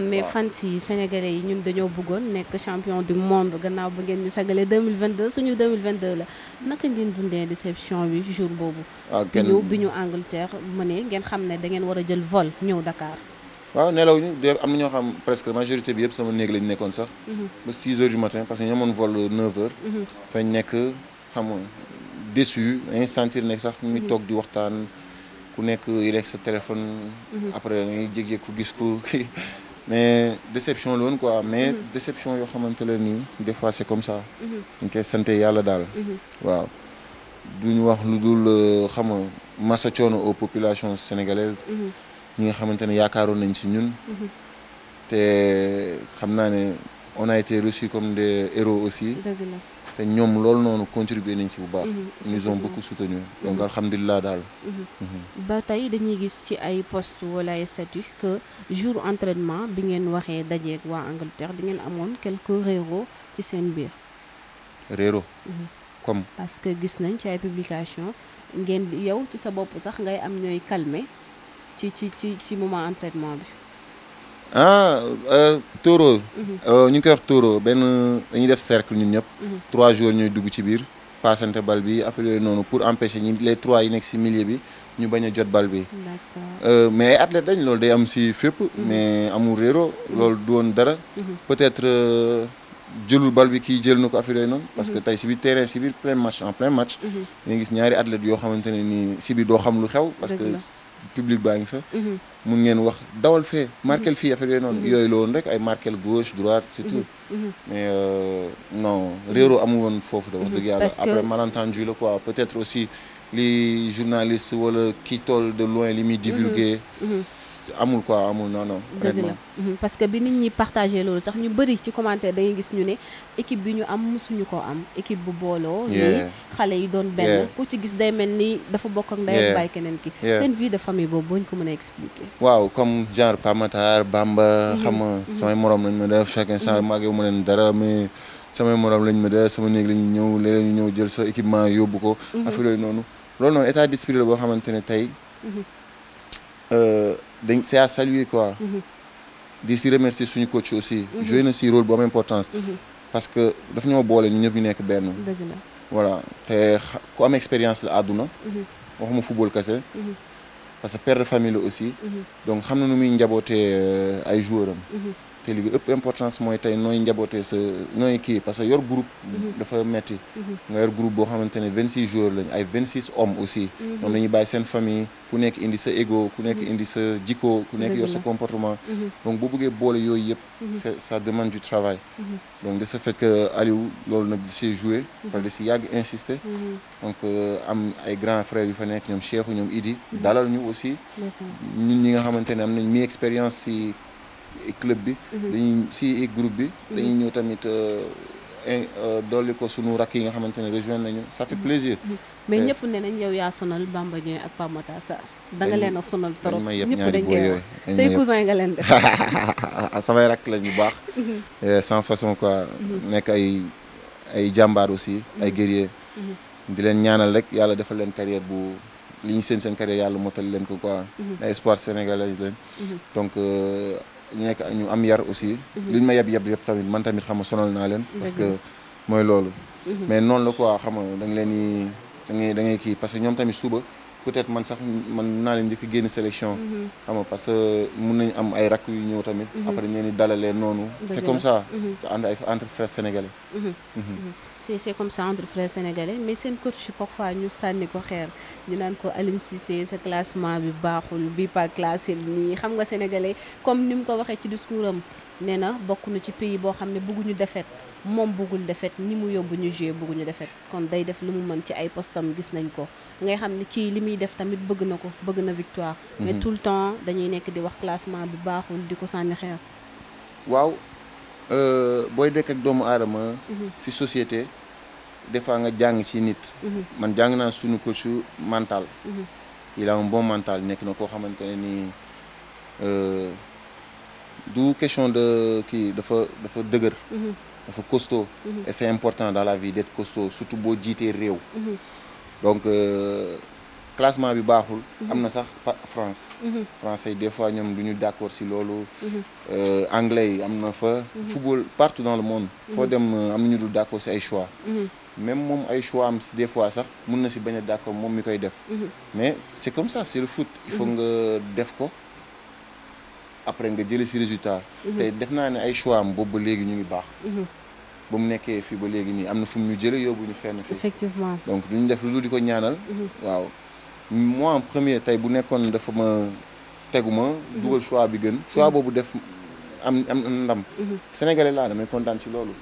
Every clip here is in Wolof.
mais fans yi sénégalais yi ñun dañoo bëggoon nekk champion du monde gannaaw ba ngeen ñu sagalee 2022 suñu 2022 la naka ngeen dundee déception bi jour boobu. waaw ah, kenn ñëw bi ñu Angleterre mënee ngeen xam ne da ngeen war a jël vol ñëw dakaar waaw nelaw ñu de am na ñoo xam presque majorité bi yëpp sama néeg la nekkoon sax. Mhm. ba 6 heures du matin parce que ñu amoon vol 9 heures. Mhm. nekk xam nga déçu dañuy sentir ne sax ñu mhm. toog di waxtaan ku nekk yi rek sa téléphone. après ngay jékki-jékki ku gis ko kii. mais déception la woon quoi mais mhm. déception yoo xamante la nii des fois c'est comme ça dañ mhm. koy sant yàlla daal mhm. waaw du ñu wax nu dul euh, xam nga masa coono aux populations sénégalaises ñi nga xamante ne yaakaaroon nañ si ñun te xam naa ne on a été reçus comme des héros aussi te ñoom loolu noonu contribué nañ ci bu baax. Mhm, nous ont beaucoup soutenu donc mhm. alhamdulilah daal. Mhm. ba tey dañuy gis ci ay post walla ay statut que jour entraînement bi ngeen waxee dajeeg waa Angleterre di ngeen amoon quelques réero ci seen biir. réero. comme parce que gis nañ ci ay publication ngeen yow ci sa bopp sax ngay am ñooy calmer ci ci ci ci moment entraînement bi. ah euh, taureau. Mhm. Euh, ñu ngi koy wax taureau benn dañu def cercle ñun ñëpp. Mhm. trois jours ñuy dugg ci biir passante bal bi affaire noonu pour empêcher ñi les trois yi nekk si milieu bi ñu bañ a jot bal bi. Euh, mais ay athlètes dañ loolu day am si fépp. Mhm. mais amul réero loolu du woon dara. peut-être jëlul bal bi kii jël na ko affaire yooyu noonu. parce que tey si biir terrain si biir plein match en plein match. dañuy gis ñaari athlètes yoo xamante ne nii si biir doo xam lu xew. parce que public baa ngi fa mhm. mun ngeen wax dawal fee mhm. marquel fii affaire yooyu noonu mhm. yooyu la woon ay marquel gauche droite c'est tout mais euh, non réeroo amul woon foofu da wax yàlla après malentendu la quoi peut-être aussi li journaliste wala kii tool de loin li muy divulguer amul quoi amul non mhm. parce que bi nit ñi partagé loolu sax ñu bëri ci commentaire da gis ñu ne équipe bi ñu am mosuñu ko am équipe bu booloo. nii doon benn. ci gis day mel ni dafa bokk ak keneen ki. seen vie famille boobu boo ko mën a expliquer. comme genre Pamatar Bamba. Mhm. xam nga mhm. samay morom lañ ma def chacun sama mag yow ma leen dara mais. samay morom lañ ma def néeg la ñuy ñëw léeg ñu ñëw jël sa équipement yóbbu ko. affaire yooyu noonu loolu noonu état d'esprit boo xamante ne tey. Euh, dañ c'est à saluer quoi. Mm-hmm. di si remercier suñu coach aussi. Mm-hmm. joué na si rôle bu am importance. Mm-hmm. parce que daf ñoo boole ñu ñëpp ñu nekk benn. dëgg voilà te ku expérience la àdduna. waxuma football kese. parce que père de famille aussi. donc xam na nu muy njabootee euh, ay joueurs te li ëpp importance mooy tey nooy njabootee sa nooy kii parce que yor group mhm. dafa metti mhm. nga yor groupe boo xamante ne vingt six joueurs lañ ay vingt six hommes aussi. ñoom mhm. dañuy bàyyi seen famille ku nekk indi sa ego ku nekk indi sa jikko ku nekk yor sa comportement. donc boo bëggee boole yooyu yëpp. ça ça demande du travail. donc de ce loolu nag di si joué. wala si yàgg insister. donc euh, am ay yu fa nekk ñoom Cheikhou ñoom Idi. dalal ñu aussi. ñun ñi nga xamante ne am nañ mi expérience si. club bi. Mhm. dañuy si groupe bi. Mhm. dañuy ñëw tamit euh, euh, dolli ko sunu rakk yi nga xamante ne rejoindre nañu ça fait mhm. plaisir. mais euh, ñëpp ne nañ yow yaa sonal Bamba Dieng ak Pape Matar Sarr leen a sonal trop ñëpp dañ koy wax say cousin nga leen def. samay rakk lañ bu baax. sans façon quoi. nekk ay ay jàmbaar aussi ay guerrier. di leen ñaanal rek yàlla defal leen carrière bu. li ñu seen seen carrière yàlla motal leen ko quoi. ay espoir sénégalais lañ. ñu nekk ñu am yar aussi mhm. li ñu ma yeb yeb yëpp tamit man tamit xam nga sonal naa leen mhm. parce que mooy loolu mhm. mais noonu la quoi xam nga da nga leen di da ngay da ngay kii parce que ñoom tamit suba peut-être man sax man naa leen njëkk génn sélection mhm. xam parce que mun nañu am ay rakk yu ñëw tamit mhm. après ñu ni noonu c'est comme ça te mhm. ànd ay entre frères sénégalais c'est c'est comme ça entre frères sénégalais mais seen coach parfois ñu sànni ko xeer ñu naan ko Aliou Cissé sa classement bi baaxul bi pas classé nii xam nga sénégalais comme ni mu ko waxee ci discours am nee na bokk na ci pays boo xam ne bëgguñu défaite moom bëggul defet ni mu yóbbu ñu joué bëgguñu defet kon day def lu mu mën ci ay postam gis nañ ko ngay xam ni kii li muy def tamit bëgg na ko bëgg na victoire mhm. mais tout le temps dañuy nekk di wax classement bi baaxul di ko sànni xeer waaw euh, booy dekk ak doomu aadama si mhm. société des fois nga jàng ci nit mhm. man jàng naa suñu ko mental mantal a un bon mental nekk na koo xamante ne nii euh, du question de kii dafa dafa dëgër dafa costaud. Mhm. et c'est important dans la vie d'être costaud surtout boo jiitee réew. Mhm. donc euh, classement bi baaxul. Mhm. am na sax France. français yi des fois ñoom du ñu d'accord si loolu. Euh, anglais yi am na fa. football partout dans le monde. foo dem euh, am na ñu dul d'accord si ay choix. même moom ay choix am des fois sax mun na si bañ a d'accord moom mi koy def. mais c'est comme ça c'est le foot. il faut nga def ko. après nga jëlee si résultat. Mhm. tey def naa ne ay choix am boobu ba léegi ñu ngi baax. Mhm. ba mu nekkee fii ba léegi nii am na fu mu ñu jële yóbbu ñu fenn fii. effectivement du ñu def lu dul di ko ñaanal. Mhm. waaw mois en premier tey bu nekkoon dafa ma tegu ma. dugal choix bi gën. choix boobu def am am ndam. sénégalais laa damay kontaan si loolu.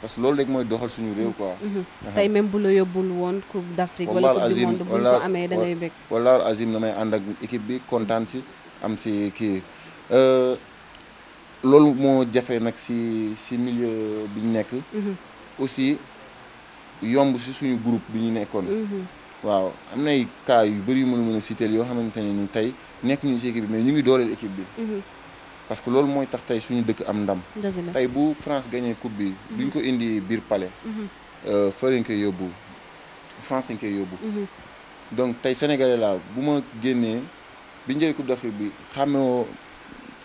parce que loolu rek mooy doxal suñu réew quoi. tey même bu la yóbbul woon coupe d'Afrique. wala coupe du monde bu ñu ko amee da ngay bëgg. wala azim ànd ak équipe bi kontaan si am si kii. Euh, loolu moo jafe nag si si milieu bi ñu nekk. Mhm. aussi yomb si suñu groupe bi ñu nekkoon. Mhm. waaw am nay cas yu bëri yu mën a mën a citer yoo xamante ne ni tey nekk ñu si équipe bi mais ñu ngi dooleel équipe bi. Mhm. parce que loolu mooy tax tey suñu dëkk am ndam. tey bu France gagné coupe bi. duñ ko indi biir pale euh, fa lañ koy yóbbu France lañ koy yóbbu. donc tey sénégalais laa bu ma génnee bi ñu coupe d'Afrique bi xàmmewoo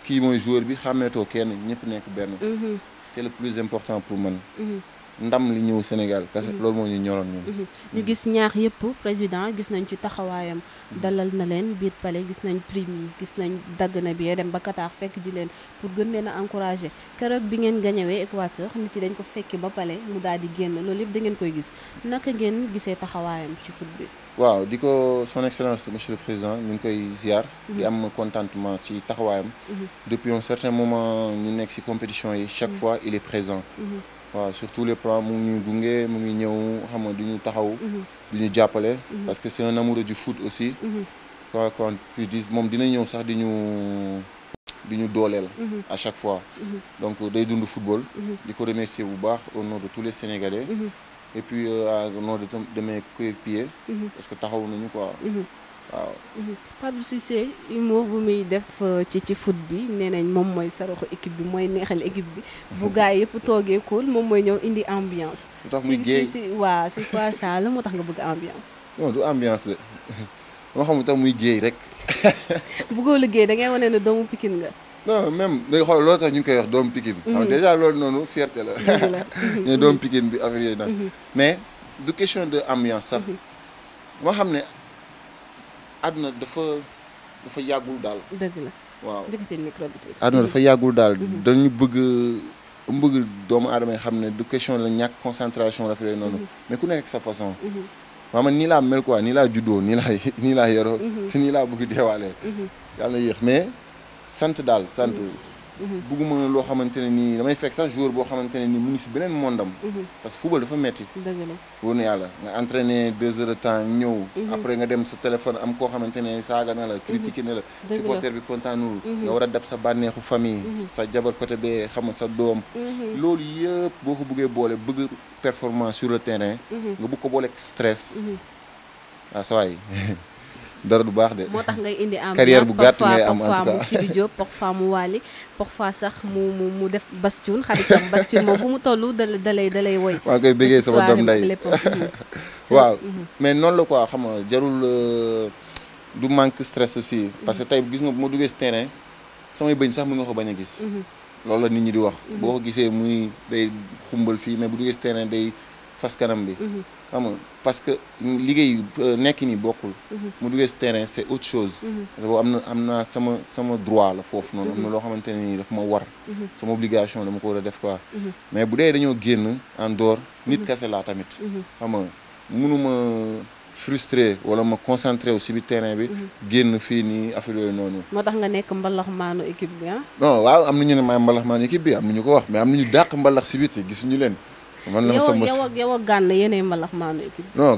kii mooy joueur bi too kenn ñëpp nekk benn. Mhm. c'est le plus important pour man. Mhm. ndam li ñëw Sénégal kese mhm. loolu moo ñu ñoroon ñun. ñu gis ñaax yëpp président gis nañ ci taxawaayam dalal na leen biir palais gis nañ prime yi gis nañ dagg na bi dem ba Qatar fekk ji leen pour gën leen a encourager keroog bi ngeen gañewee Équateur nit yi dañ ko fekki ba palais mu daal di génn loolu yépp da ngeen koy gis naka ngeen gisee taxawaayam ci foot bi. waaw di ko son excellence monsieur le président ñu ngi koy ziar. di mhm. am contentement si taxawaayam. Mhm. depuis un certain moment ñu nekk si compétition yi chaque mhm. fois il est présent. waaw sur tous les plans mu ngi ñuy gunge mu ngi ñëw xam nga du ñu taxaw. du ñu jàppale. parce que c'est un amoureux du foot aussi. quoi qu'on puisse dire moom dina ñëw sax di ñu. di ñu dooleel. à chaque fois. donc day dund football. di ko remercier bu baax au nom de tous les Sénégalais. et puis euh, au nom mhm. parce que taxaw nañu quoi. Mhm. waaw. Mhm. Pape Cissé humour bu muy def euh, ci ci foot bi nee nañ moom mooy saraxu équipe bi mooy neexal équipe bi bu gars yëpp toogee kóol moom mooy ñëw indi ambiance. lu tax muy géey si si waaw c'est moo tax nga bëgg ambiance. non du ambiance de moo xam lu tax muy géey rek. bëggoo liggéey da ngay wane ne doomu Pikine nga. non même day xool loolu sax ñu ngi koy wax doom pikin. Mhm. xam déjà loolu noonu fierté la. ñu doom pikin bi affaire yooyu mhm. mais du question de ambiance sax. moo mhm. xam ne àdduna dafa dafa yàggul daal. waaw jëkkati micro dafa yàggul daal dañu bëgg bëgg doomu aadama yi xam ne du question la ñàkk concentration la fi yooyu noonu. mais ku nekk ak sa façon. maama nii laa mel quoi nii laa juddoo nii laa nii laa yoroo. te nii laa bëgg deewaalee. yàlla na yéex mais. sant daal sant mm-hmm. Mm-hmm. bugguma loo xamante ne nii damay fekk sax joueur boo xamante ne nii mu ngi si beneen mondam mm-hmm. parce que football dafa metti dëgg la yàlla nga entraîné deux heures de temps ñëw après nga dem sa téléphone am koo xamante ne saaga na la critiqué na la supporter bi kontaanul nga war a dab sa bànneexu famille sa jabar côté bee xam nga sa doom loolu yëpp boo ko buggee boole bëgg performance sur le terrain nga bëgg ko boole stress waaw sa waay dara du baax de. moo tax ngay indi ambiance carrière bu gàtt ngay am en tout cas parfois mu Sidi Diop parfois mu Waly parfois sax mu mu mu def Bastoun xaritam Bastoun moom fu mu toll da dalay woy. waaw koy bëggee sama doom nday waaw mais noonu la ko xam nga jarul du manque stress aussi. parce que tey gis nga bu ma duggee si terrain samay bëñ sax mu nga ko bañ a gis. loolu la nit ñi di wax. boo ko gisee muy day xumbal fii mais bu duggee si terrain day fas kanam bi. xam nga parce que liggéey euh, nekk ni bokkul. Mhm. mu duggee si terrain c'est autre chose. boobu mhm. am na am naa sama sama droit la foofu noonu. am na mhm. loo xamante ne nii daf ma war. sama obligation dama ko war a def quoi. mais bu dee dañoo génn en dehors. nit kese laa tamit. xam nga munuma frustré wala ma concentré wu si biir terrain bi. fii nii affaire yooyu noonu. tax nga nekk mbalax maanu équipe bi ah. non waaw am na ñu ne maay mbalax maanu équipe bi am na ñu ko wax mais am na ñu dàq mbalax si biti gisuñu leen. man la ma sëmb yow ak yow ak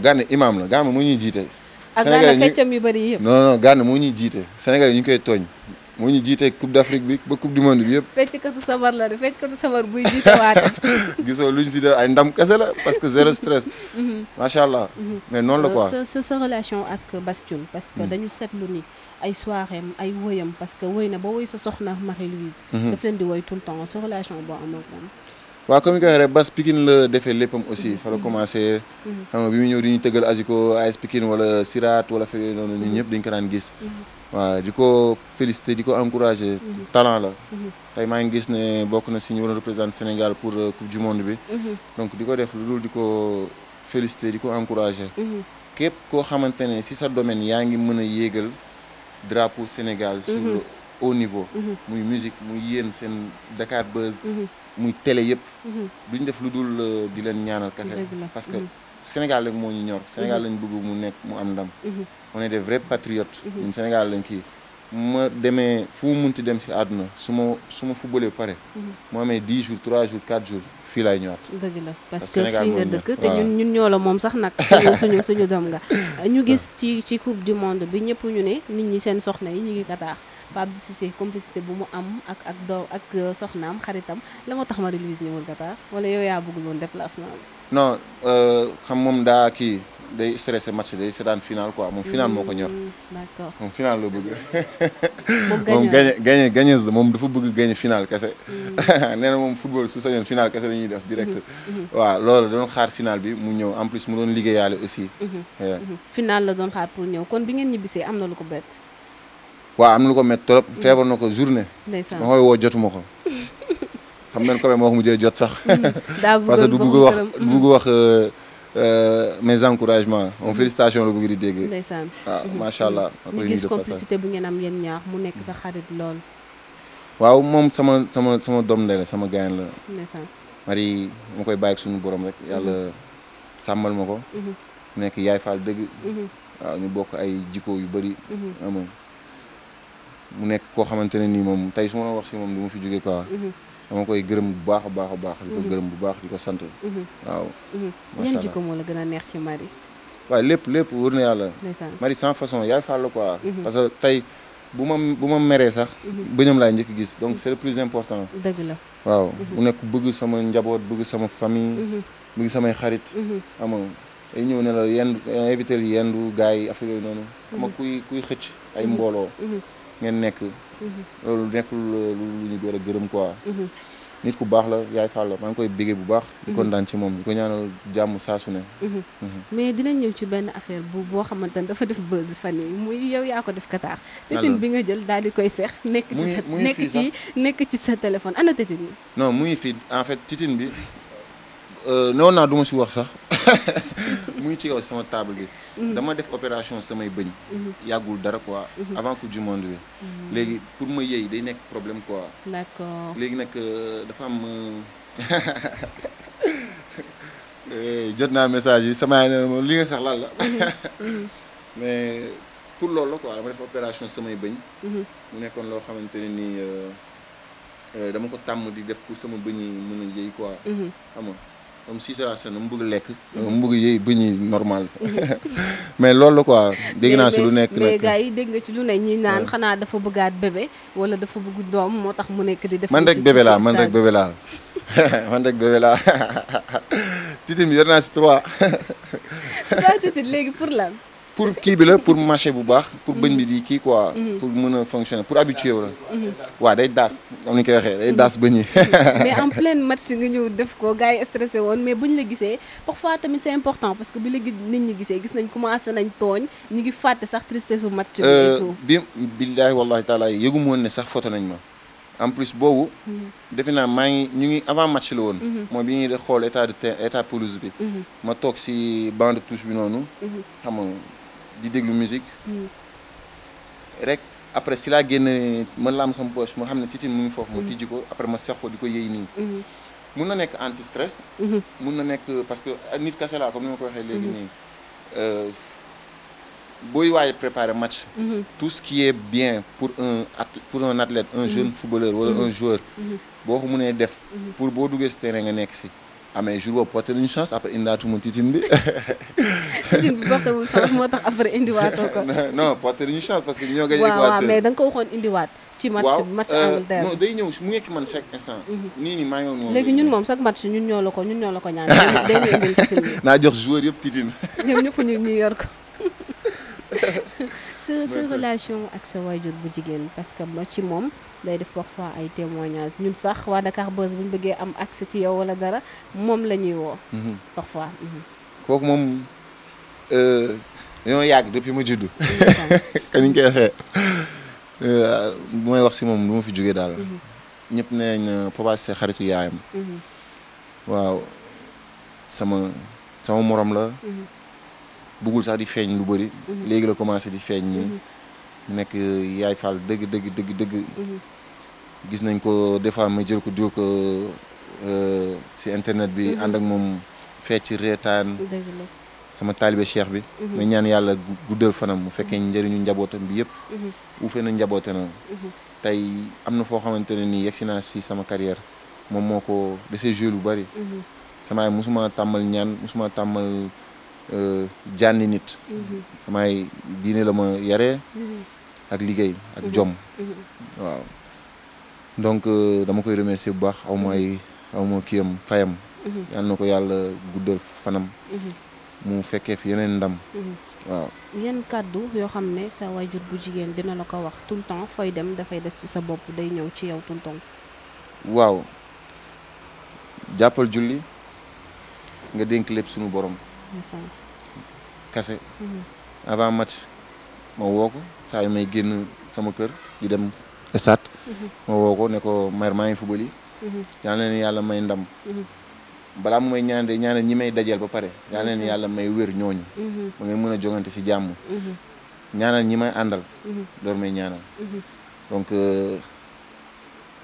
Gana imaam la Gana moo ñuy jiite ak Gana feccam bëri yëpp non moo ñuy jiite Sénégal yi ñu koy tooñ moo ñu jiite coupe d'Afrique bi ba coupe du monde bi yëpp fecckatu sabar la de fecckatu sabar buy jiite waate gisoo lu ñu si def ay ndam kese la parce que zéro stress mhm. macha allah mhm. mais noonu la ko euh, sa sa relation ak Bastoun parce que mhm. dañu seetlu ni ay soiréem ay woyam parce que woy na ba woy sa soxna Marie Louise daf leen di woy tout temps sa relation boo am ak moom waaw comme ni ko waxee rek Bas Pikine la defee léppam aussi fa la commencé. xam nga bi ñëw di ñu tëggal Aziko AS Pikine wala Sirat wala fii noonu ñun ñëpp dañ ko daan gis. waa di ko félicité di ko encouragé. talent la. tey maa ngi gis ne bokk na si ñu waroon représenter Sénégal pour euh, coupe du monde bi. donc di ko def lu dul di ko félicité di ko encouragé. képp koo xamante ne si sa domaine yaa ngi mën a yéegal drapeau Sénégal. haut niveau mhm. muy musique mu yéen seen Dakar ba mhm. muy télé yëpp mhm. duñ def lu dul euh, di leen ñaanal kase parce que Sénégal rek moo ñu ñor Sénégal lañ bëgg mu nekk mu am ndam on est des vrais patriotes Sénégal lañ kii ma demee fu munti dem si àdduna su ma su ma footballee pare moo amee dix jours trois jours quatre jours fii laay ñëwaat dëgg la parce que fii nga dëkk te ñun ñoo la moom sax nag suñu suñu doom nga ñu gis ah. ci ci coupe du monde bi ñëpp ñu ne nit ñi seen soxna yi ñu Pape Abdou Cissé complicité bu mu am ak ak doo ak euh, soxnaam xaritam la moo tax ma Louise ñëwul Qatar wala yow yaa bëggul woon déplacement bi. non euh, xam moom daa kii day stressé match day seetaan final quoi moom final moo ko ñor. Hmm, d'accord moom final la bëgg. moom gagné gagné gagné moom dafa bëgg gagné final kese. Hmm. nee na moom football su sañoon final kese dañuy def direct. Hmm, waaw loolu doon xaar final bi mu ñëw en plus mu doon liggéeyaale aussi. final la doon xaar pour ñëw kon bi ngeen ñibbisee am na lu ko bett. waaw am na lu ko métti trop mm. feebar na ko journée. ndeysaan ma koy woo jotuma ko. xam ngeen ko moo ko mujjee jot sax. Mm. parce que du bëgg wax du bëgg wax euh, euh, mes encouragements moom mm. félicitation la bëgg di dégg. ndeysaan waaw ah, mm-hmm. macha allah. Mm-hmm. ñu gis complicité bu ngeen am yéen ñaar mu nekk sa xarit lool. waaw moom sama sama sama doom ndey la sama gaañ la. ndeysaan Marie ma koy bàyyi ak suñu borom rek yàlla mm-hmm. sàmmal ma ko. nekk yaay faal dëgg. waaw ñu bokk ay jikko yu bëri. amoon. mu nekk koo xamante ne nii moom tey su ma wax si moom du ma fi jógee jóge quoi. Mhm. dama koy gërëm bu baax a baax a baax. di ko mhm. gërëm bu baax di ko sant. Mhm. waaw. macha allah jikko moo la gën a lépp lépp wër na yàlla. Marie sans façon yaay fàll ko parce que tey bu ma bu ma meree sax. bëñam laay njëkk gis donc c'est le plus important. dëgg la waaw. mu nekk bëgg sama njaboot bëgg sama famille. bëgg samay xarit. xam nga ñëw ne la yendu invité yendu gars yi affaire yooyu noonu. ma kuy kuy xëcc ay mbooloo. ngeen nekk. Mhm. loolu nekkul lu ñu door a gërëm ko mhm. nit ku baax la yaay Fall maa ngi koy béggee bu baax. di mhm. kontaan ci moom di ko ñaanal jàmm saa su ne. mais dinañ ñëw ci benn affaire bu boo xamante ne dafa def buzz fan yi muy yow yaa ko def kataax. tétine bi nga jël daal di koy seex. nekk ci sa nekk ci nekk ci sa téléphone ana tétine bi. non muy fii en fait tétine bi. Euh, non naa duma ma si wax sax mu ngi ci kaw sama table bi. Mhm. dama def opération samay bëñ. Mhm. yàggul dara quoi. Mhm. avant coupe du monde bi. léegi pour ma yëy day nekk problème quoi. d'accord léegi nag euh, dafa am. Euh, eh, jot naa message yi sama yaay ne li nga sax lan la. mais pour loolu la dama def opération samay bëñ. mu nekkoon loo xamante ne nii dama ko tàmm di def pour sama bëñ yi mun a yëy quoi. xam am Cissé Assane mu bëgg lekk. mu bëgg yëy ba ñuy normal. mais loolu la quoi dégg naa si lu nekk nag mais gars yi dégg nga ci lu ne ñuy naan xanaa dafa bëggaat bébé wala dafa bëgg doom moo tax mu nekk di. def man rek bébé laa man rek bébé laa man rek bébé laa titim yor naa si trois. waaw titim léegi pour la pour kii bi la pour marché bu baax pour mm-hmm. bëñ bi di kii quoi mm-hmm. pour mën a fonctionner pour habitué wu la mm-hmm. day daas comme ni koy waxee day daas bëñ yi mais en plein match nga ñëw def ko gars yi stressé woon mais buñ la gisee parfois tamit c'est important parce que bi la nit ñi gisee gis nañ commencé nañ tooñ ñu ngi fàtte sax tristesse bu match euh, bi billahi wallahi taala yëgu ne sax photo nañ ma en plus boobu defe naa maa ngi ñu ngi avant match la woon mooy bi ñuy de xool état de terrain état ma toog si banc de touche di déglu musique hmm. rek après si laa génn ma laam sama poche ma xam ne titin mu ngi foofu ma hmm. tijji ko après ma seq ko di ko yëy nii hmm. mun na nekk anti stress mun na nekk parce que nit kase laa comme ma ko waxee léegi nii euh, booy waaye préparer match tout ce qui est bien pour un pour un un jeune footballeur wala un joueur boo ko mënee def pour boo duggee si nga nekk si amee ah, jour boobu porté nañu chance après indiwaatuma titin bi. moo tax après indiwaatoo ko. non porté nañu chance parce que ñoo gagné. Équateur waaw waaw mais da nga ko waxoon indiwaat. ci match match euh, Angleterre non day ñëw mu nekk man chaque instant. Mhm. nii nii maa ngi woon léegi ñun moom chaque match ñun ñoo la ko ñun ñoo la ko ñaan. day ñu indil titin naa jox joueur yëpp titin. ñoom ñëpp ñu ñu yor ko. sa sa relation ak sa waajur bu jigéen parce que ma ci moom day def parfois ay témoignages ñun sax waa Dakar Buzz bu ñu bëggee am accès ci yow wala dara moom lañuy woo. Mhm. parfois. Mhm. kooku moom euh, dañoo yàgg depuis ma juddu. ka ni ñu koy waxee euh, bu may wax si moom lu ma fi jógee daal. Mhm. ñëpp nee nañ Papa Cissé xaritu yaayam. waaw sama sama morom la. bëggul sax di feeñ lu bëri. Mhm. léegi la commencé di feeñ nii. mu mhm. nekk yaay Fall dëgg dëgg dëgg dëgg. Mhm. gis nañ ko des fois ma jël ko jur ko euh, si internet bi. ànd ak moom fecc reetaan. sama taalibe cheikh bi. ñaan yàlla guddal fanam mu fekkee njëriñu njabootam bi yëpp. uufe na njaboote tey am na foo xamante ne nii yegsi si sama carrière moom moo ko desee joué lu bëri. sama ay musuma tàmmal ñaan musuma tàmmal. Euh, jànni nit mhm. samay diine la ma yaree mhm. ak liggéey ak mhm. jom waaw donc euh, dama koy remercier bu baax aw ma ay aw ma kiyam fayam yal na ko yàlla guddal fanam mu fekkee fi yeneen ndam waaw yan kàddu yoo xam ne sa waajur bu jigéen dina la ko wax tout le temps fooy dem dafay des ci sa bopp day ñëw ci yow tout le temps waaw jàppal julli nga dénk lépp sunu borom kase mhm. avant match ma woo ko saa may génn sama kër di dem stade mhm. ma woo ko ne ko maa ngi football yi mhm. yal na yàlla may ndam balaa mu may ñaan ñaanal ñi may dajeel ba pare yal ñi leen may wér ñooñu ba ngay mën a jongante si jàmm ñaanal ñi may àndal door may ñaanal donc euh,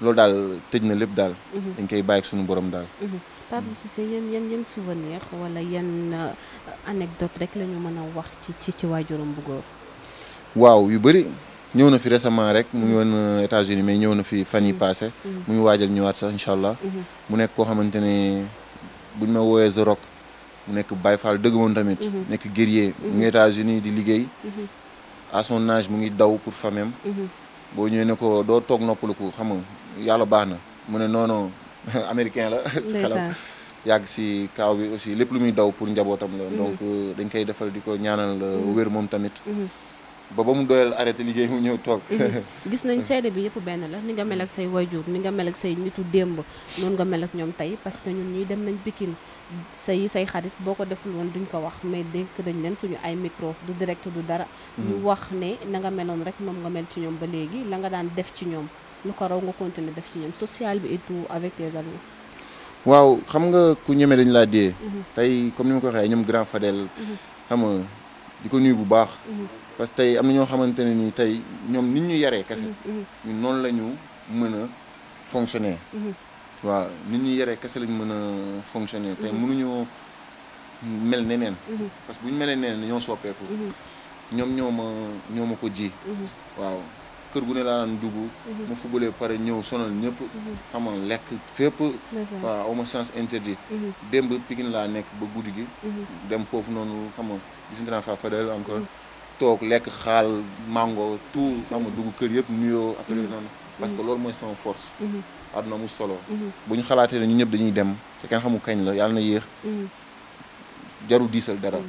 loolu daal tëj na lépp daal. Mhm. dañ koy bàyyi ak sunu borom daal. Mhm. Pape Bou Cissé yan souvenir wala yan euh, anecdote rek la mën a wax ci ci waajuram bu waaw yu bëri ñëw na fi récemment rek mu ngi woon euh, États-Unis mais ñëw na fi fan yi mhm. passé mu ngi waajal ñëwaat sax allah. mu nekk koo xamante ne buñ ma wooyee The mu nekk Baye Fall dëgg moom tamit. nekk guerrier mu ngi États-Unis di liggéey. assonage mu ngi daw pour famem boo ñëwee ne ko doo toog noppalu ko xam yàlla baax na mu ne non non américain la. si xelam yàgg si kaaw bi aussi lépp lu muy daw pour njabootam la. Mhm. donc euh, dañ koy defal di ko ñaanal euh, mhm. wér moom tamit. Mhm. ba ba mu doyal arrêté liggéey mu ñëw toog. gis nañ seede bi yëpp benn la ni nga mel ak say waajur ni nga mel ak say nitu démb noonu nga mel ak ñoom tey parce que ñun ñuy dem nañ Pikine say say xarit boo ko deful woon duñ ko wax mais dénk dañ leen suñu ay micro du direct du dara. ñu wax ne na nga meloon rek moom nga mel ci ñoom ba léegi la nga daan def ci ñoom. lu ko raw nga continuer def ci ñoom social bi et tout avec tes amis. waaw xam nga ku ñeme dañ laa dee. Mhm. tey comme ni ma ko waxee ñoom grand Fadel. Mhm. xam di ko nuyu bu baax. Mhm. parce que tey am na ñoo xamante ne ni tey ñoom nit ñu yaree kese. ñun noonu la ñu mën a fonctionner. waaw nit ñu yaree kese lañ mën a fonctionner tey mënuñoo mel neneen. parce que bu ñu melee neneen ñoo soppeeku. ñoom ñoo ma ñoo ma ko ji. waaw. kër gu ne laa daan dugg mu mhm. fubalee pare ñëw sonal ñëpp mhm. xamal lekk fépp waaw awma sens interdit mhm. démb Pikine laa nekk ba guddi gi dem foofu noonu xam nga gisante naa fa Fadel encore toog lekk xaal mango tout xam dugg kër yëpp nuyoo affaire noonu parce que loolu mooy sama force àdduna mu solo bu ñu xalaatee ne ñu ñëpp dañuy dem te kenn kañ la yàlla na yéex jarul diisal dara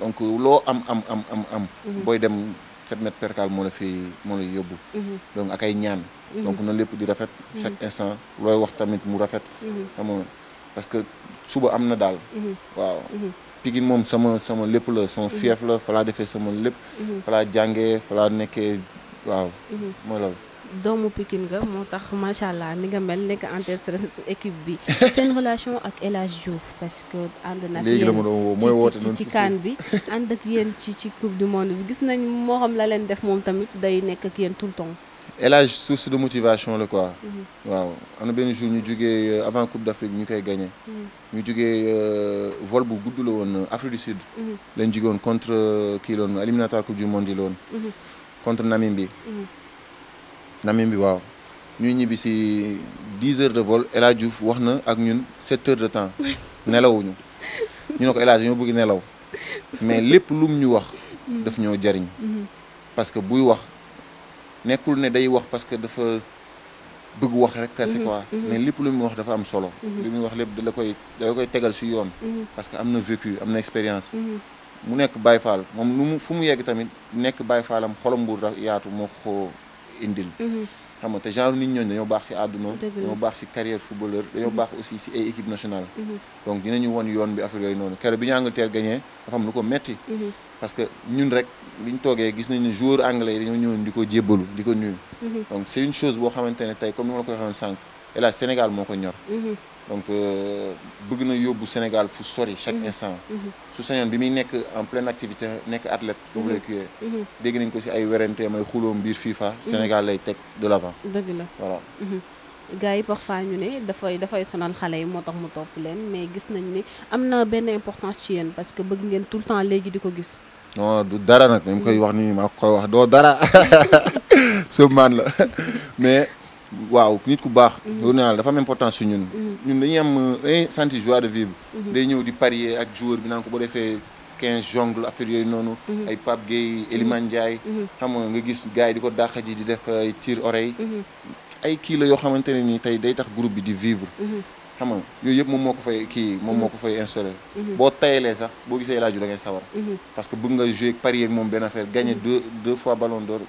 donc loo am am am am am booy dem sept mètres percale moo la fi moo lay yóbbu mhm. donc ak ay ñaan mhm. donc na lépp di rafet mhm. chaque instant looy wax tamit mu rafet xam parce que suba am na daal waaw Pikine moom sama sama lépp la son fief la falaa defee sama lépp fa laa jàngee fa laa nekkee waaw mooy loolu doomu Pikine ga moo tax macha allah ni nga mel nekk anti-stress su équipe bi seen relation ak El Hadj parce que ànd na léegi la mooy woote noonu ci kaan bi ànd ak ci ci coupe du monde bi gis nañ moo xam la leen def moom tamit day nekk ak yéen tout le temps. El Hadj source de motivation la quoi. Mhm. waaw am na benn jour ñu jugee euh, avant coupe d'Afrique ñu koy gagné. Mhm. ñu jugee euh, vol bu gudd la woon euh, Afrique du Sud. Mhm. lañ jugee woon contre kii la woon éliminatoire coupe du monde yi la woon. contre Namibie bi. nami Namibie waaw ñuy ñibbi si dix heures de vol El Hadj wax na ak ñun sept heures de temps nelawuñu ñu ne ko El ñoo bëgg nelaw mais lépp lum ñu wax mm-hmm. daf ñoo jariñ mm-hmm. parce que buy wax nekkul ne day wax parce que dafa bëgg wax rek kese mm-hmm. quoi mais lépp lu ñu wax dafa am solo lu muy wax lépp da la koy da koy tegal si yoon parce que am na vécu am na expérience mu nekk Baye Fall moom lu mu fu mu yegg tamit nekk Baye Fallam xolam bu yaatu moo ko indil mhm. xam nga te genre nit ñooñu dañoo baax si àdduna dañoo baax si carrière footballeur dañoo baax aussi si ay équipe nationale mhm. donc dinañu won yoon bi affaire yooyu noonu keroog bi ñu Angleterre gagné dafa am lu ko metti mhm. parce que ñun rek ñu toogee gis nañ ne joueur anglais yi dañoo ñëwoon di ko jébbalu di ko nuyu donc c' est une chose boo xamante ne tey comme ni ma la koy waxee sànq et là Sénégal moo ko ñor donc euh, bëgg na yóbbu Sénégal fu sori chaque mhm. instant. Mhm. su sañoon bi muy nekk en pleine activité nekk athlète. boobu lay kuyee. dégg nañ ko si ay werante may xuloom biir FIFA. Mhm. Sénégal lay teg de l'avant. dëgg la voilà. gars yi parfois ñu ne dafay dafay sonal xale yi moo tax mu topp leen mais gis nañ ni am na benn importance ci yéen parce que bëgg ngeen tout le temps léegi di ko gis. non du dara nag. ni mu koy wax nii maa koy wax doo dara. sëb maan la mais. waaw nit ku baax. Mm. loolu naa dafa am importance su ñun. Mm. ñun dañuy am euh, dañuy sentir joie de vivre. Mm-hmm. day ñëw di parier ak jour bi naan ko boo defee quinze jongle affaire yooyu noonu. Mm-hmm. ay Pape Gueye Elimane Ndiaye. Mm-hmm. xam nga nga gis gars yi di ko dàq ji di def euh, ay tir oreille. ay kii la yoo xamante ne nii tey day tax groupe bi di vivre. xam nga yooyu yëpp moom moo ko fay kii moom mhm. boo tayalee sax boo gisee laaju da sawar mhm. parce que bëgg nga jouer parier ak moom benn affaire gagner mhm. deux deux fois ballon d'or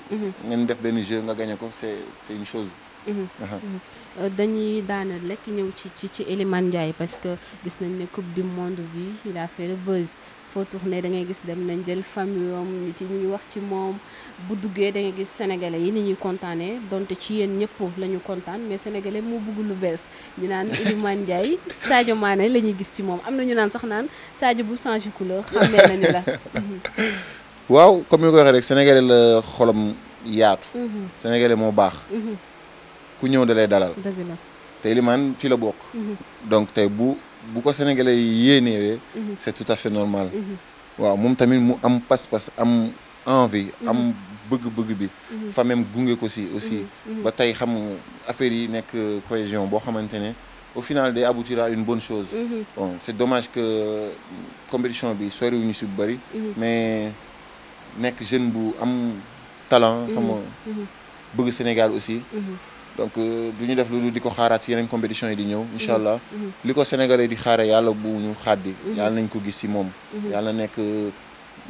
ngeen def benn jeu nga gagner ko c'est une chose euh, dañuy daana lekk ñëw ci ci ci Elimane Ndiaye parce que gis nañ ne coupe du monde bi il a fait le foo tourné da gis dem nañ jël famille am nit yi ñuy wax ci moom bu duggee da ngay gis sénégalais yi ni ñuy kontaanee donte ci yéen ñëpp la ñu kontaan mais sénégalais moo bëgg lu bees ñu naan Iliman Ndiaye saajo Mané la ñuy gis ci moom am na ñu naan sax naan Sadio bu changé couleur xamee nañu la. waaw comme ni ko waxee rek sénégalais la xolam yaatu. Mhm. sénégalais moo baax. Mhm. ku ñëw da lay dalal. dëgg la te Iliman fii la bokk. Mhm. donc tey bu. bu ko sénégalais yi yéenewee mhm. c' est tout à fait normal mhm. waaw moom tamit mu am pas-pas am envie mhm. am bëgg-bëgg bi fa même gunge ko si aussi ba tey xam affaire yi nekk euh, cohésion boo xamante ne au final day aboutir à une bonne chose bon c' est que euh, compétition bi soriwuñu si bu bëri mais nekk jeune bu am talent xam bëgg Sénégal aussi donc euh, du ñu def lu dul di ko xaaraat si yeneen compétition yi di ñëw mhm. incha allah mhm. li ko sénégalais di xaare yàlla bu ñu xaddi mhm. yàlla nañ ko gis si moom yàlla nekk euh,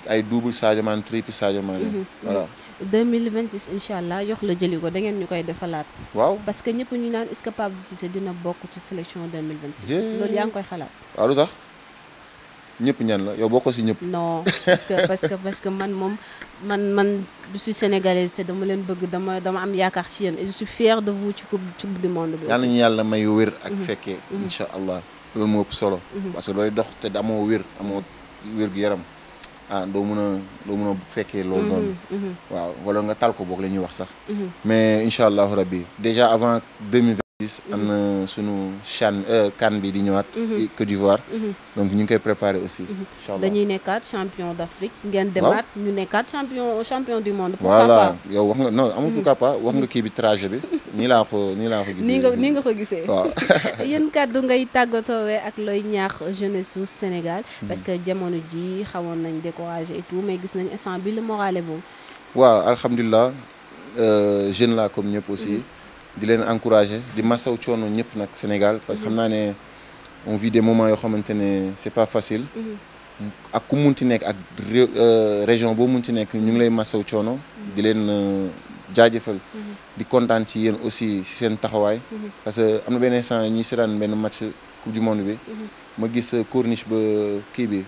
ay double Sadio Mané triple Sadio Mané voilà 2026 incha allah yox la jëli ko da ngeen ñu koy defalaat waaw parce que ñëpp ñu naan est-ce que Pape Cissé dina bokk ci sélection 2026 loolu yaa ngi koy xalaat waaw lu tax ñëpp ñan la yow boo ko si ñëpp. non parce que parce que man moom man man je suis te dama leen bëgg dama dama am yaakaar ci yéen et je suis fière de vous ci coupe coupe du monde bi. yàlla may wér ak mhm. fekkee. Mhm. incha allah loolu moo ëpp mhm. parce que looy dox te amoo wér amoo wér gu yaram ah doo mun a doo mun a fekkee. loolu noonu. waaw wala nga tal ko boog la ñuy wax sax. mais incha allahu rabbi déjà avant deux Mhm. am na sunu chan euh, CAN bi di ñëwaat. Mhm. Côte d'Ivoire. Mhm. donc ñu ngi koy aussi. dañuy nekkaat champion d' Afrique. ngeen demaat ñu nekkaat champion champion du monde. pourquoi pas voilà yow wax nga non amul pourquoi pas wax nga kii bi trajet bi. nii laa ko nii laa ko gisee. nii nga nii nga ko gisee. waaw yéen kàddu ngay tàggatoowee ak looy ñaax jeunesse su Sénégal. parce que jamono ji xawoon nañ découragé et tout mais gis nañ instant bi le waaw alhamdulilah euh, jeune laa comme ñëpp aussi. di leen encourager di masaw coono ñëpp nag Sénégal parce que xam naa ne on vit des moments yoo xamante ne c'est pas facile mhm. ak ku munti nekk ak euh, région boo munti nekk ñu ngi lay masaw coono di leen euh, jaajëfal mhm. di kontaan ci yéen aussi ci seen taxawaay mhm. parce que am na benn instant ñuy seetaan benn match coupe du monde bi ma gis euh, corniche ba kii bi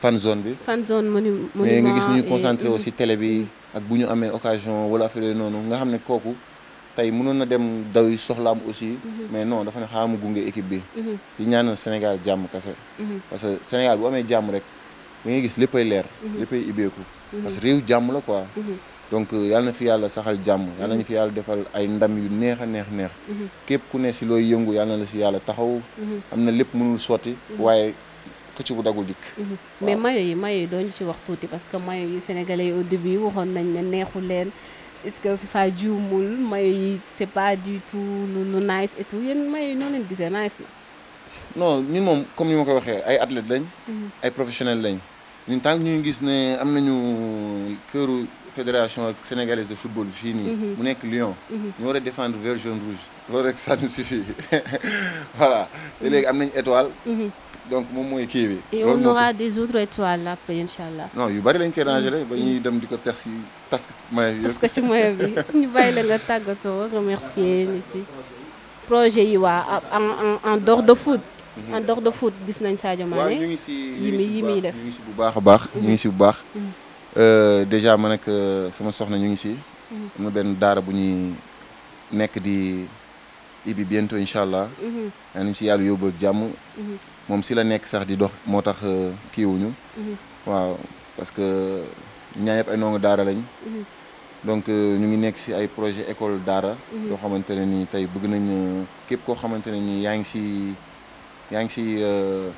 fan zone bi fan zone mais nga gis ñu concentré aussi télé bi ak bu ñu amee occasion wala affaire noonu nga xam ne kooku tey mënoon na dem daw yi soxlaam aussi. Mhm. mais no dafa ne xaaral mu gunge équipe bi. Mhm. di ñaanal Sénégal jàmm kese. Mhm. parce que Sénégal bu amee jàmm rek da ngay gis léppay leer. léppay ibbeeku. parce que jàmm la ko donc euh, yàlla na fi yàlla saxal jàmm yàlla nañu fi yàlla defal ay ndam yu neex a neex neex. képp ku ne si looy yëngu yàlla na la si yàlla taxaw. am na lépp mënul sotti waaye. xëcc bu dagul dikk. mais mayo yi mayo yi doo ñu ci wax tuuti parce que mayo yi sénégalais yi au début waxoon nañ ne neexu leen. est-ce que FIFA juumul mayo yi c'est pas du tout lu nice et tout yéen mayo yi noo leen gisee nice na. non moom comme ni ma koy waxee ay athlètes lañ. Mhm. ay professionnels lañ. ñun tant ñu gis ne am nañu këru fédération sénégalaise de football fii nii. Mhm. mu nekk Lyon. Mhm. ñu war defendre défendre vert jaune rouge. loolu rek sa nous suffit voilà te léegi am nañ étoile. donc moom mooy kii bi. et on aura des autres étoiles après incha allah. yu bari lañ koy rangé ba ñuy dem di ko test yi. tas ko ci moyen bi ñu bàyyi la nga tàggatoo remercier nit yi projet yi waa en en de foot. Mhm. en dehors de foot gis nañ Sadio Mané ñu ngi si yi muy def ñu ngi si bu baax a baax ñu ngi si bu baax mhm. euh, déjà man ak euh, sama soxna ñu ngi si mhm. am benn daara bu ñuy nekk di ibi bientôt incha allah yaa nañ si yàlla yóbbu ak jàmm moom si la nekk sax di dox moo tax euh, kiiwuñu waaw parce ñaa yëpp daara lañ mhm. donc euh, ñu ngi nekk si ay projet école daara mhm. yoo xamante ne ni tey bëgg nañ euh, képp koo xamante ne ni yaa ngi si yaa ngi si euh,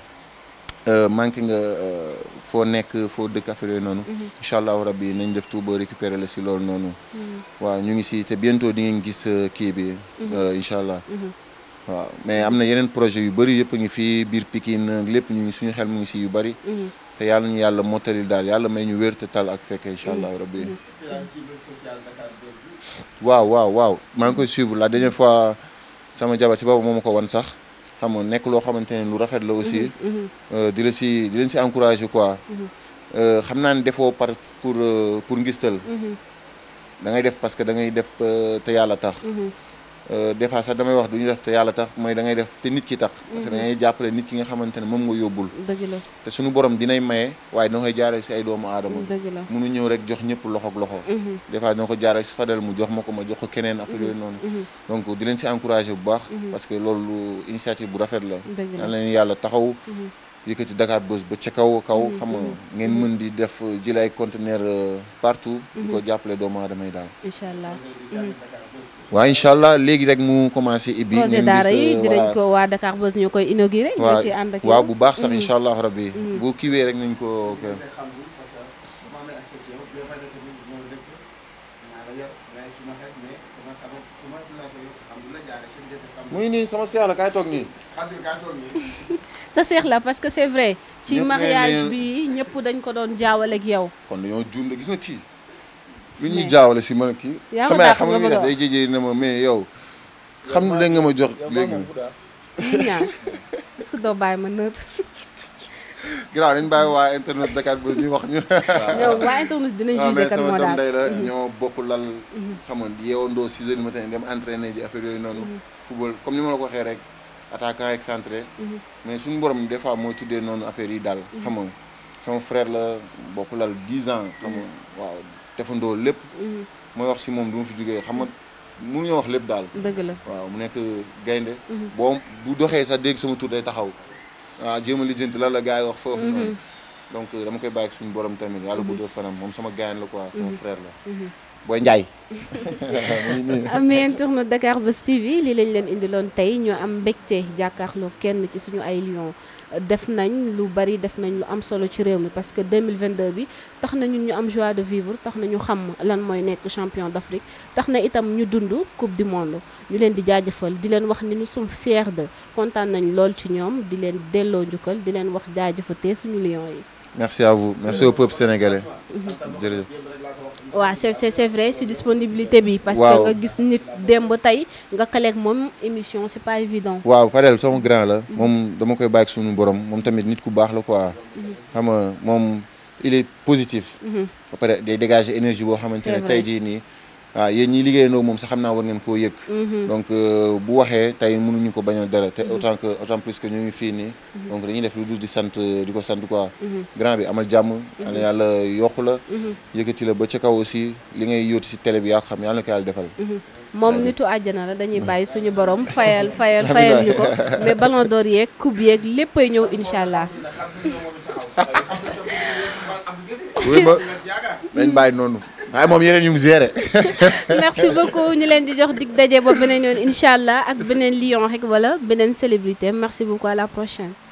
manqué nga foo nekk foo dëkk affaire yooyu noonu mhm. incha allahu rabbi nañ def tout ba récupérer si loolu noonu waaw ñu ngi si te bientôt di ngeen gis kii bi incha allah waaw mais am na yeneen projet yu bari yëpp a ngi fii biir Pikine lépp ñu ngi suñu xel mu ngi si yu bëri te yàlla ñu yàlla mottalil daal yàlla may ñu wérte te tal ak fekk incha allah mm. rabbi. Mm. waaw waaw waaw maa ngi koy suivre la dernière fois sama jabar si boobu moom ma ko wan sax xam nga nekk loo xamante ne lu rafet la aussi. Mm-hmm, mm-hmm. Euh, di la si di leen si encouragé quoi. Mm-hmm. Euh, xam naa ni defoo par pour euh, pour ngistal. da ngay def parce que da ngay def te yàlla tax. Euh, des fois sax damay wax du ñu def te yàlla tax mooy dangay def te nit ki tax parce que jàppale nit ki nga xamante ne moom nga yóbbul te suñu borom dinay maye waaye dina koy jaarale si ay doomu aadama dëgg mu munu ñëw rek jox ñëpp loxoog loxo mhm. des fois dina ko jaarale si fadal mu jox ma ko ma jox ko keneen affaire mhm. yooyu noonu mhm. donc di leen si encouragé bu baax parce que loolu initiative bu rafet la nan yàlla taxaw yëkkati Dakar Buzz ba ca kaw kaw xam nga ngeen mën di def euh, jël ay conteneur euh, partout jàppale doomu aadama yi daal waa incha allah léegi rek mu commencé. ibbi ñu projet daara yi euh, dinañ ko waa Dakar Buzz ñu koy inauguré. ñu ci waaw bu baax sax mm-hmm. incha allah rabbi mm-hmm. bu kiiwee rek nañ ko. muy nii la kaay sa seex parce que c'est vrai. ci mariage bi ñëpp dañ ko doon jaawale ak yow. kon dañoo juum de gis nga kii. lu ñuy jaawale si man kii. sama yaay xam nga lu day jëjee na ma mais yow. xam nga léegi nga ma jox léegi. ñaan est-ce que doo bàyyi ma nët. Giraaw dañ bàyyi waa internet Dakar Buzz ñu wax ñu. yow waa internet dinañ jugé kan moo daal sama doom day la mhm. ñoo bokk lal. Mhm. xam nga yeewandoo 6 heures matin dem entraîner ji affaire yooyu noonu. Mhm. football comme ni ma la ko waxee rek attaquant entré mais suñu borom des fois moo tuddee noonu affaire yi daal. xam nga sama frère la bokk lal 10 ans. xam waaw. defandoo lépp. Mhm. mooy wax si moom du ma fi jugee mu nga mënuñoo wax lépp daal. dëgg la waaw mu nekk gaynde mhm. boo bu doxee sa dégg sama tur day taxaw. waaw ah, jéem a lijjanti lan la gars yi wax foofu. Mhm. noonu donc dama koy bàyyi suñu borom tamit yàlla guddal fanam moom sama gaynde la quoi sama frère la. booy Ndiaye. ameen tourne Dakar Buzz TV lii lañ leen indiloon tey ñoo am mbégte jàkkaarloo kenn ci suñu ay lion def nañ lu bari def nañ lu am solo ci réew mi parce que 2022 bi tax na ñun ñu am joie de vivre tax nañu xam lan mooy nekk champion d'Afrique tax na itam ñu dund coupe du monde ñu leen di jaajëfal di leen wax ni nous sommes fiers de kontaan nañ lool ci ñoom di leen delloo njukkal di leen wax jaajëfatee suñu lion yi merci à vous merci au peuple sénégalais. jërëjëf. waaw c' est c' vrai si disponibilité bi. parce que nga gis nit démb tey nga kaleeg moom émission c' est pas évident. waaw Fadel sama grand la. moom dama koy bàyyi suñu borom moom tamit nit ku baax la quoi. xam nga moom il est positif. Mhm. ba pare day dégager énergie boo xamante ne tey ji nii. waaw yéen ñi liggéeyandoo moom sax xam naa war ngeen koo yëg mhm. donc euh, bu waxee tey mënuñu ko bañal dara te mhm. autant que autant plus que ñu ngi fii nii mhm. donc dañuy def lu dul di sant di ko sant quoi grand bi amal jàmm yàlla yokku la yëkkati la ba ca kaw si li ngay yóotu si télé bi yaa ko xam yàlla na ko yàlla defal moom nitu àjjana la dañuy bàyyi suñu borom fayal fayal fayal ñu ko mais ballon d'or yeeg coupe yeeg ñëw incha allah oui ba dañ bàyyi noonu waaye moom yeneen ñu ngi géré. merci beaucoup ñu leen di jox dig daje ba beneen yoon incha allah ak beneen lion rek wala beneen célébrité merci beaucoup à la prochaine.